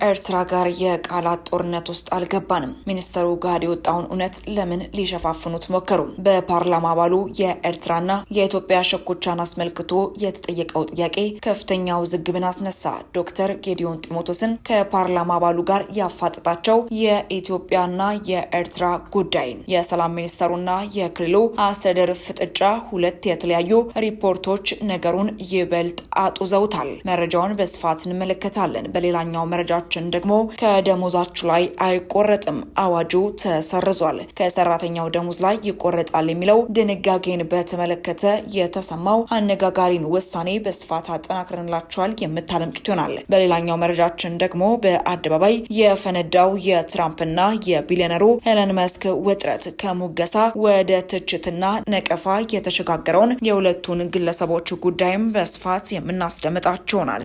ከኤርትራ ጋር የቃላት ጦርነት ውስጥ አልገባንም። ሚኒስተሩ ጋር የወጣውን እውነት ለምን ሊሸፋፍኑት ሞከሩ? በፓርላማ አባሉ የኤርትራና የኢትዮጵያ ሸኮቻን አስመልክቶ የተጠየቀው ጥያቄ ከፍተኛ ውዝግብን አስነሳ። ዶክተር ጌዲዮን ጢሞቴዎስን ከፓርላማ አባሉ ጋር ያፋጠጣቸው የኢትዮጵያና የኤርትራ ጉዳይን የሰላም ሚኒስተሩና የክልሉ አስተዳደር ፍጥጫ ሁለት የተለያዩ ሪፖርቶች ነገሩን ይበልጥ አጡዘውታል። መረጃውን በስፋት እንመለከታለን። በሌላኛው መረጃ ሰራተኞችን ደግሞ ከደሞዛችሁ ላይ አይቆረጥም አዋጁ ተሰርዟል። ከሰራተኛው ደሞዝ ላይ ይቆረጣል የሚለው ድንጋጌን በተመለከተ የተሰማው አነጋጋሪን ውሳኔ በስፋት አጠናክረንላችኋል የምታለምጡት ይሆናል። በሌላኛው መረጃችን ደግሞ በአደባባይ የፈነዳው የትራምፕና የቢሊዮነሩ ኤለን መስክ ውጥረት ከሙገሳ ወደ ትችትና ነቀፋ የተሸጋገረውን የሁለቱን ግለሰቦች ጉዳይም በስፋት የምናስደምጣችሁ ይሆናል።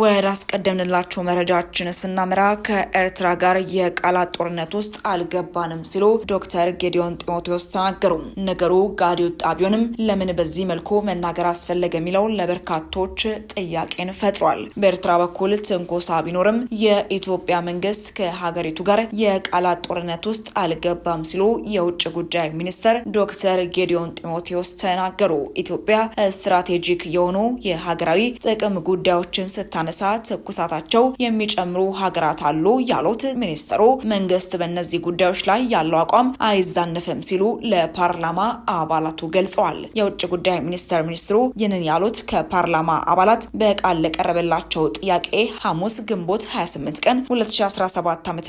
ወደ አስቀደምንላቸው መረጃችን ስናመራ ከኤርትራ ጋር የቃላት ጦርነት ውስጥ አልገባንም ሲሉ ዶክተር ጌዲዮን ጢሞቴዎስ ተናገሩ። ነገሩ ጋዲዮ ጣቢዮንም ቢሆንም ለምን በዚህ መልኩ መናገር አስፈለገ የሚለው ለበርካቶች ጥያቄን ፈጥሯል። በኤርትራ በኩል ትንኮሳ ቢኖርም የኢትዮጵያ መንግስት ከሀገሪቱ ጋር የቃላት ጦርነት ውስጥ አልገባም ሲሉ የውጭ ጉዳይ ሚኒስትር ዶክተር ጌዲዮን ጢሞቴዎስ ተናገሩ። ኢትዮጵያ ስትራቴጂክ የሆኑ የሀገራዊ ጥቅም ጉዳዮችን ስታ ሳታነሳ ትኩሳታቸው የሚጨምሩ ሀገራት አሉ ያሉት ሚኒስትሩ መንግስት በእነዚህ ጉዳዮች ላይ ያለው አቋም አይዛነፍም ሲሉ ለፓርላማ አባላቱ ገልጸዋል። የውጭ ጉዳይ ሚኒስቴር ሚኒስትሩ ይህንን ያሉት ከፓርላማ አባላት በቃል ለቀረበላቸው ጥያቄ ሐሙስ ግንቦት 28 ቀን 2017 ዓ ም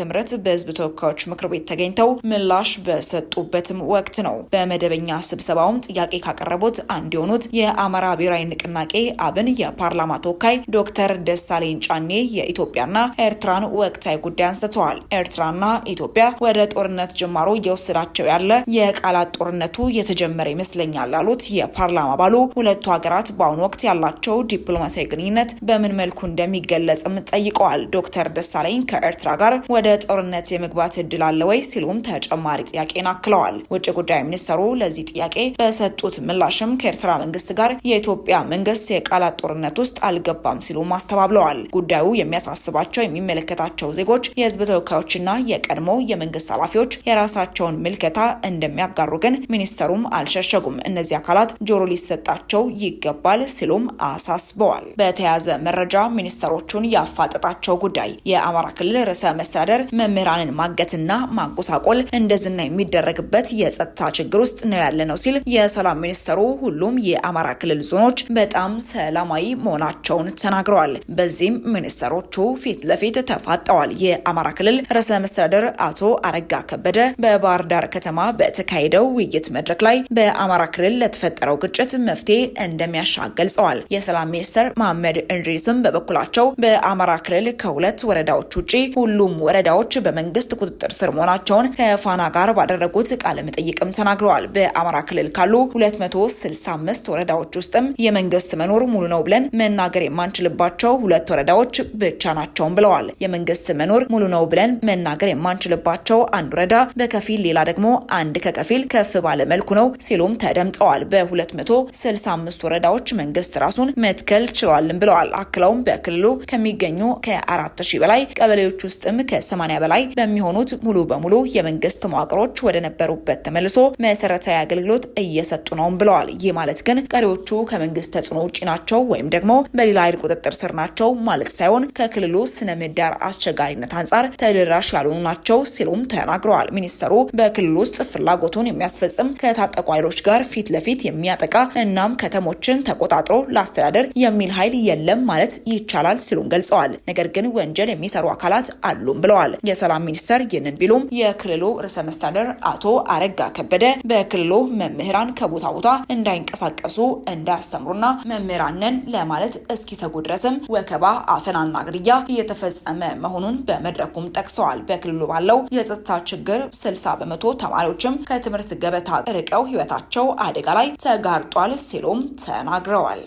በህዝብ ተወካዮች ምክር ቤት ተገኝተው ምላሽ በሰጡበትም ወቅት ነው። በመደበኛ ስብሰባውም ጥያቄ ካቀረቡት አንድ የሆኑት የአማራ ብሔራዊ ንቅናቄ አብን የፓርላማ ተወካይ ዶክተር ደሳለኝ ጫኔ የኢትዮጵያና ኤርትራን ወቅታዊ ጉዳይ አንስተዋል። ኤርትራና ኢትዮጵያ ወደ ጦርነት ጅማሮ እየወሰዳቸው ያለ የቃላት ጦርነቱ የተጀመረ ይመስለኛል ያሉት የፓርላማ አባሉ ሁለቱ ሀገራት በአሁኑ ወቅት ያላቸው ዲፕሎማሲያዊ ግንኙነት በምን መልኩ እንደሚገለጽም ጠይቀዋል። ዶክተር ደሳለኝ ከኤርትራ ጋር ወደ ጦርነት የመግባት እድል አለ ወይ ሲሉም ተጨማሪ ጥያቄን አክለዋል። ውጭ ጉዳይ ሚኒስትሩ ለዚህ ጥያቄ በሰጡት ምላሽም ከኤርትራ መንግስት ጋር የኢትዮጵያ መንግስት የቃላት ጦርነት ውስጥ አልገባም ሲሉ ማስታ አስተባብለዋል። ጉዳዩ የሚያሳስባቸው የሚመለከታቸው ዜጎች፣ የህዝብ ተወካዮችና የቀድሞ የመንግስት ኃላፊዎች የራሳቸውን ምልከታ እንደሚያጋሩ ግን ሚኒስተሩም አልሸሸጉም። እነዚህ አካላት ጆሮ ሊሰጣቸው ይገባል ሲሉም አሳስበዋል። በተያያዘ መረጃ ሚኒስተሮቹን ያፋጠጣቸው ጉዳይ የአማራ ክልል ርዕሰ መስተዳደር መምህራንን ማገትና ማጎሳቆል እንደዝና የሚደረግበት የጸጥታ ችግር ውስጥ ነው ያለ ነው ሲል የሰላም ሚኒስተሩ ሁሉም የአማራ ክልል ዞኖች በጣም ሰላማዊ መሆናቸውን ተናግረዋል። በዚህም ሚኒስትሮቹ ፊት ለፊት ተፋጠዋል። የአማራ ክልል ርዕሰ መስተዳደር አቶ አረጋ ከበደ በባህር ዳር ከተማ በተካሄደው ውይይት መድረክ ላይ በአማራ ክልል ለተፈጠረው ግጭት መፍትሄ እንደሚያሻ ገልጸዋል። የሰላም ሚኒስትር መሐመድ እንድሪስም በበኩላቸው በአማራ ክልል ከሁለት ወረዳዎች ውጪ ሁሉም ወረዳዎች በመንግስት ቁጥጥር ስር መሆናቸውን ከፋና ጋር ባደረጉት ቃለ መጠይቅም ተናግረዋል። በአማራ ክልል ካሉ 265 ወረዳዎች ውስጥም የመንግስት መኖር ሙሉ ነው ብለን መናገር የማንችልባቸው ያላቸው ሁለት ወረዳዎች ብቻ ናቸውም ብለዋል። የመንግስት መኖር ሙሉ ነው ብለን መናገር የማንችልባቸው አንድ ወረዳ በከፊል ሌላ ደግሞ አንድ ከከፊል ከፍ ባለ መልኩ ነው ሲሉም ተደምጠዋል። በ265 ወረዳዎች መንግስት ራሱን መትከል ችሏልም ብለዋል። አክለውም በክልሉ ከሚገኙ ከ4000 በላይ ቀበሌዎች ውስጥም ከ80 በላይ በሚሆኑት ሙሉ በሙሉ የመንግስት መዋቅሮች ወደ ነበሩበት ተመልሶ መሰረታዊ አገልግሎት እየሰጡ ነውም ብለዋል። ይህ ማለት ግን ቀሪዎቹ ከመንግስት ተጽዕኖ ውጭ ናቸው ወይም ደግሞ በሌላ ኃይል ቁጥጥር ስር ናቸው ማለት ሳይሆን ከክልሉ ስነ ምህዳር አስቸጋሪነት አንጻር ተደራሽ ያልሆኑ ናቸው ሲሉም ተናግረዋል። ሚኒስተሩ በክልል ውስጥ ፍላጎቱን የሚያስፈጽም ከታጠቁ ኃይሎች ጋር ፊት ለፊት የሚያጠቃ እናም ከተሞችን ተቆጣጥሮ ለአስተዳደር የሚል ኃይል የለም ማለት ይቻላል ሲሉም ገልጸዋል። ነገር ግን ወንጀል የሚሰሩ አካላት አሉም ብለዋል። የሰላም ሚኒስተር ይህንን ቢሉም የክልሉ ርዕሰ መስተዳደር አቶ አረጋ ከበደ በክልሉ መምህራን ከቦታ ቦታ እንዳይንቀሳቀሱ እንዳያስተምሩና መምህራንን ለማለት እስኪሰጉ ድረስም ወከባ፣ አፈናና ግድያ እየተፈጸመ መሆኑን በመድረኩም ጠቅሰዋል። በክልሉ ባለው የጸጥታ ችግር 60 በመቶ ተማሪዎችም ከትምህርት ገበታ ርቀው ህይወታቸው አደጋ ላይ ተጋርጧል ሲሉም ተናግረዋል።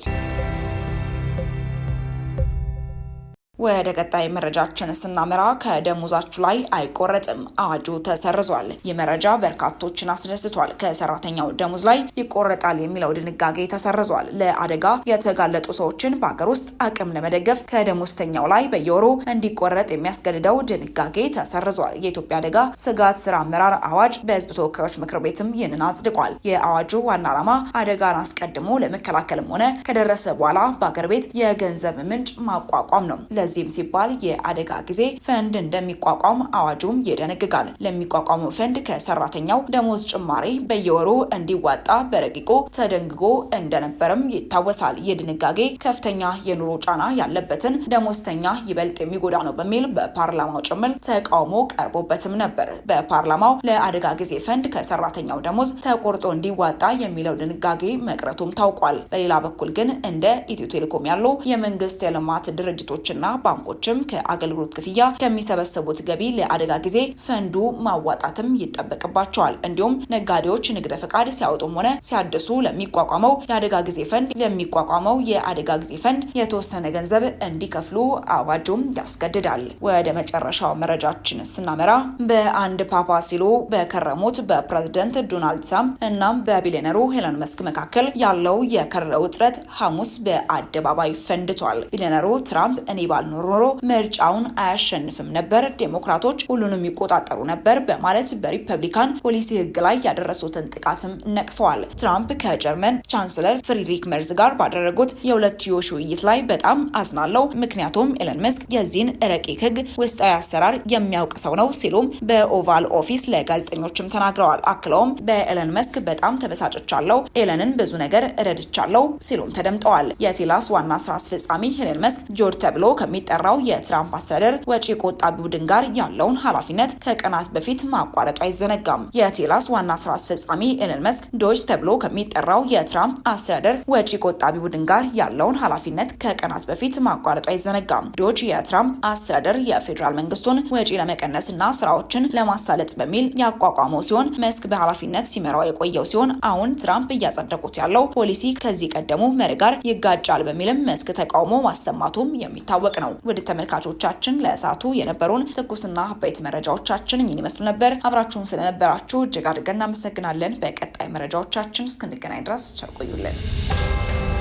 ወደ ቀጣይ መረጃችን ስናመራ ከደሞዛችሁ ላይ አይቆረጥም አዋጁ ተሰርዟል። ይህ መረጃ በርካቶችን አስደስቷል። ከሰራተኛው ደሞዝ ላይ ይቆረጣል የሚለው ድንጋጌ ተሰርዟል። ለአደጋ የተጋለጡ ሰዎችን በሀገር ውስጥ አቅም ለመደገፍ ከደሞዝተኛው ላይ በየወሩ እንዲቆረጥ የሚያስገድደው ድንጋጌ ተሰርዟል። የኢትዮጵያ አደጋ ስጋት ስራ አመራር አዋጅ በሕዝብ ተወካዮች ምክር ቤትም ይህንን አጽድቋል። የአዋጁ ዋና ዓላማ አደጋን አስቀድሞ ለመከላከልም ሆነ ከደረሰ በኋላ በአገር ቤት የገንዘብ ምንጭ ማቋቋም ነው። ለዚህም ሲባል የአደጋ ጊዜ ፈንድ እንደሚቋቋም አዋጁም ይደነግጋል። ለሚቋቋመው ፈንድ ከሰራተኛው ደሞዝ ጭማሪ በየወሩ እንዲዋጣ በረቂቁ ተደንግጎ እንደነበርም ይታወሳል። ይህ ድንጋጌ ከፍተኛ የኑሮ ጫና ያለበትን ደሞዝተኛ ይበልጥ የሚጎዳ ነው በሚል በፓርላማው ጭምር ተቃውሞ ቀርቦበትም ነበር። በፓርላማው ለአደጋ ጊዜ ፈንድ ከሰራተኛው ደሞዝ ተቆርጦ እንዲዋጣ የሚለው ድንጋጌ መቅረቱም ታውቋል። በሌላ በኩል ግን እንደ ኢትዮ ቴሌኮም ያሉ የመንግስት የልማት ድርጅቶችና ባንኮችም ከአገልግሎት ክፍያ ከሚሰበሰቡት ገቢ ለአደጋ ጊዜ ፈንዱ ማዋጣትም ይጠበቅባቸዋል። እንዲሁም ነጋዴዎች ንግደ ፈቃድ ሲያወጡም ሆነ ሲያድሱ ለሚቋቋመው የአደጋ ጊዜ ፈንድ ለሚቋቋመው የአደጋ ጊዜ ፈንድ የተወሰነ ገንዘብ እንዲከፍሉ አዋጁም ያስገድዳል። ወደ መጨረሻው መረጃችን ስናመራ በአንድ ፓፓ ሲሉ በከረሙት በፕሬዝደንት ዶናልድ ትራምፕ እናም በቢሊዮነሩ ሄለን መስክ መካከል ያለው የከረረ ውጥረት ሐሙስ በአደባባይ ፈንድቷል። ቢሊዮነሩ ትራምፕ እኔ ባለ ባልኖር ኖሮ ምርጫውን አያሸንፍም ነበር፣ ዴሞክራቶች ሁሉንም ይቆጣጠሩ ነበር በማለት በሪፐብሊካን ፖሊሲ ህግ ላይ ያደረሱትን ጥቃትም ነቅፈዋል። ትራምፕ ከጀርመን ቻንስለር ፍሪድሪክ መርዝ ጋር ባደረጉት የሁለትዮሽ ውይይት ላይ በጣም አዝናለው፣ ምክንያቱም ኤለን መስክ የዚህን ረቂቅ ህግ ውስጣዊ አሰራር የሚያውቅ ሰው ነው ሲሉም በኦቫል ኦፊስ ለጋዜጠኞችም ተናግረዋል። አክለውም በኤለን መስክ በጣም ተበሳጭቻለው፣ ኤለንን ብዙ ነገር ረድቻለው ሲሉም ተደምጠዋል። የቴላስ ዋና ስራ አስፈጻሚ ኤለን መስክ ጆር ተብሎ ከሚ ከሚጠራው የትራምፕ አስተዳደር ወጪ ቆጣቢ ቡድን ጋር ያለውን ኃላፊነት ከቀናት በፊት ማቋረጡ አይዘነጋም። የቴላስ ዋና ስራ አስፈጻሚ ኤለን መስክ ዶጅ ተብሎ ከሚጠራው የትራምፕ አስተዳደር ወጪ ቆጣቢ ቡድን ጋር ያለውን ኃላፊነት ከቀናት በፊት ማቋረጡ አይዘነጋም። ዶጅ የትራምፕ አስተዳደር የፌዴራል መንግስቱን ወጪ ለመቀነስና ስራዎችን ለማሳለጥ በሚል ያቋቋመው ሲሆን መስክ በኃላፊነት ሲመራው የቆየው ሲሆን አሁን ትራምፕ እያጸደቁት ያለው ፖሊሲ ከዚህ ቀደሙ መሪ ጋር ይጋጫል በሚልም መስክ ተቃውሞ ማሰማቱም የሚታወቅ ነው። ነው። ውድ ተመልካቾቻችን ለእሳቱ የነበሩን ትኩስና አበይት መረጃዎቻችን እኝን ይመስሉ ነበር። አብራችሁን ስለነበራችሁ እጅግ አድርገን እናመሰግናለን። በቀጣይ መረጃዎቻችን እስክንገናኝ ድረስ ቸር ቆዩልን።